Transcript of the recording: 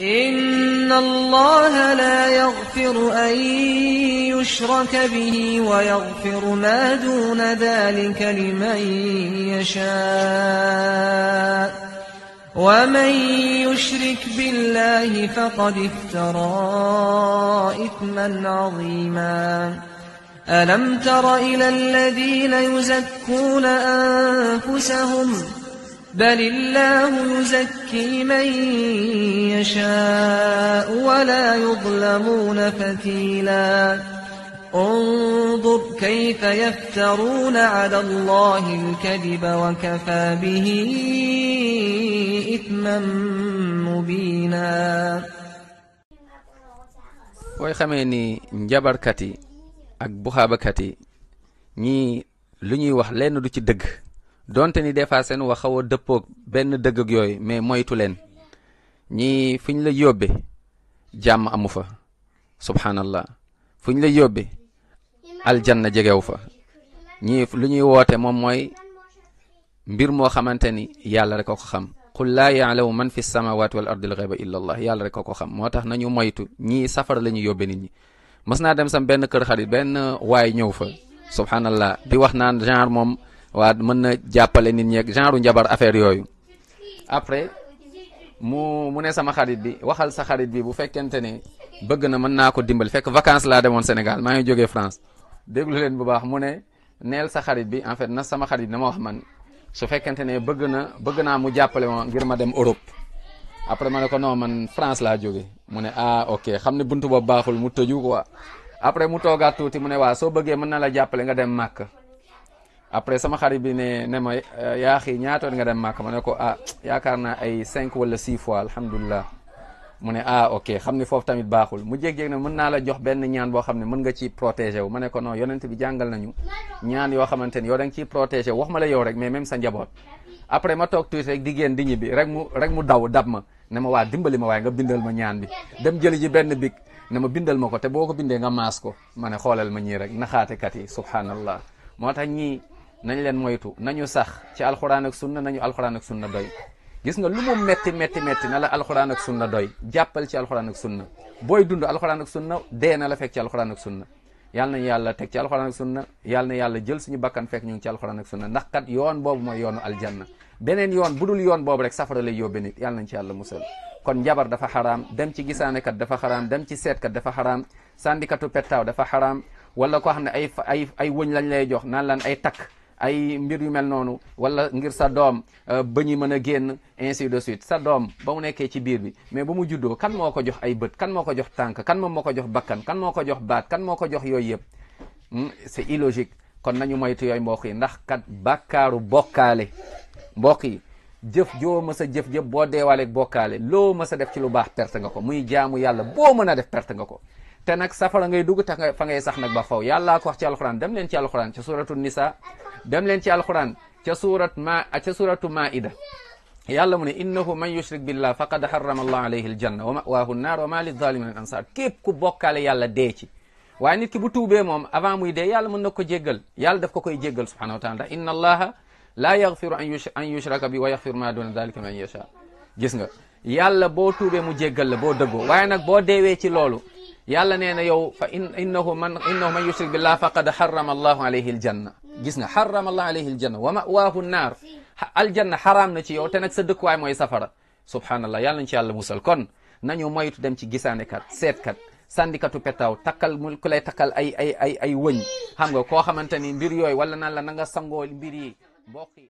إن الله لا يغفر أن يشرك به ويغفر ما دون ذلك لمن يشاء ومن يشرك بالله فقد افترى إثما عظيما ألم تر إلى الذين يزكون أنفسهم ؟ بل الله يزكي من يشاء ولا يظلمون فتيلا انظر كيف يفترون على الله الكذب وكفى به إثما مبينا booy xamee ni njabarkat yi ak buxaabakat yi ñii lu ñuy wax lenn du ci dëgg donte ni des fois seen wax xaw a dëppoog benn dëgg ak yooyu mais moytu leen ñii fu ñu la yóbbe jàmm amu fa subhanallah fu ñu la yóbbe aljanna jegew fa ñii lu ñuy woote moom mooy mbir moo xamante ni yàlla rek ko xam qul laa yaalamu man fi samawati wal ardi al ghayba illa allah yàlla rek ko xam moo tax nañu moytu ñii safara la ñu yóbbe nit ñi mas naa dem sam benn kër xarit benn waay ñëw fa subhanallah di wax naan genre moom waa mën na jàppale nit ñeek genre jabar affaire yooyu après mu mu ne sama xarit bi waxal sa xarit bi bu fekkente ne bëgg na mën naa ko dimbali fekk vacances laa demoon Sénégal maa ngi jógee France déglu leen bu baax mu ne neel sa xarit bi en fait na sama xarit na ma wax man su fekkente ne bëgg na bëgg naa mu jàppale ma ngir ma dem Europe après ma ne ko non man France laa jóge mu ne ah ok xam ne buntu boobu baaxul mu ko quoi après mu toogaat tuuti mu ne waa soo bëggee mën na la jàppale nga dem màkk après sama xarit bi ne ne ma eh, yaa xii ñaatoon nga dem màkk ma ne ko ah yaakaar naa ay cinq wala six fois alhamdulillah mu ne ah ok xam ni foofu tamit baaxul mu jéeg-jéeg ne mën naa la jox benn ñaan boo xam ne mën nga ci protégé wu ma ne ko non yonent jàngal nañu ñaan yoo xamante ni yow da ciy protégé wax ma la yow rek mais même sa njaboot après ma toog tuuti rek di génn di rek mu rek mu daw dab ma ne ma waa dimbali ma waaye nga bindal ma ñaan bi dem jëli ji benn big ne ma bindal ma ko te boo ko bindee nga maas ko ma ne xoolal ma ñii rek naxaatekat yi subhanallah moo tax nañ leen moytu nañu sax ci alxuraan ak sunna nañu alxuraan ak sunna doy gis nga lu mu metti metti metti na la alxuraan ak sunna doy jàppal ci alxuraan ak sunna booy dund alxuraan ak sunna dee na la fekk ci alxuraan ak sunna yàlla nañu yàlla teg ci alxuraan ak sunna yàlla na yàlla jël suñu bakkan fekk ñu ngi ci alxuraan ak sunna ndax kat yoon boobu mooy yoonu aljanna beneen yoon bu dul yoon boobu rek safara lay yóbbe nit yàlla nañ ci yàlla musal kon njabar dafa xaraam dem ci kat dafa xaraam dem ci seetkat dafa xaraam sandikatu pettaaw dafa xaraam wala koo xam ne ay ay ay wëñ lañ lay jox naan lan ay takk ay mbir yu mel noonu wala ngir sa doom euh, ba ñu mën a génn ainsi de sa doom ba mu nekkee ci biir bi mais ba mu juddoo kan moo ko jox ay bët kan moo ko jox tànk kan moom moo ko jox bakkan kan moo ko jox baat kan moo ko jox yooyu yëpp hmm, c'est illogique kon nañu moytu yooyu mbokk yi ndax kat bàkkaaru bokkaale mbokk yi jëf joo mës a jëf jëf boo deewaaleeg bokkaale loo mës a def ci lu baax perte nga ko muy jaamu yàlla boo mën a def perte nga ko te nag safara ngay dugg te fa ngay sax nag ba faw yàllaa ko wax ci alxuraan dem leen ci alxuraan ci suratu nisa dem leen ci alquran ca suurat ma ca suuratu maida yàlla mu ne innahu man yushrik billah faqad harrama allah alayhi aljanna wa mawaahu nnaar wa ma lilzalimin min ansar képp ku bokkaale yàlla dee ci waaye nit ki bu tuubee moom avant muy dee yàlla mën na ko jéggal yàlla daf ko koy jéggal subhanahu wa taala ndax inna allaha laa yaxfiru an yushraka bi wa yaxfiru ma duna dalika man gis nga yàlla boo tuubee mu jéggal la boo dëggoo waaye nag boo deewee ci loolu yàlla nee na yow fa innahu man innahu man yushrik billah faqad harrama allahu alayhi aljanna gis nga harrama allahu alayhi aljanna wa mawaahu naar aljanna xaraam na ci yow te nag sa dëkkuwaay mooy safara subhanallah yàlla nañ ci yàlla musal kon nañu moytu dem ci gisaanekat seetkat sandikatu petaaw takkal mu ku lay takkal ay ay ay ay wëñ xam nga koo xamante ni mbir yooyu wala naan la na nga sangoo mbir yi bokk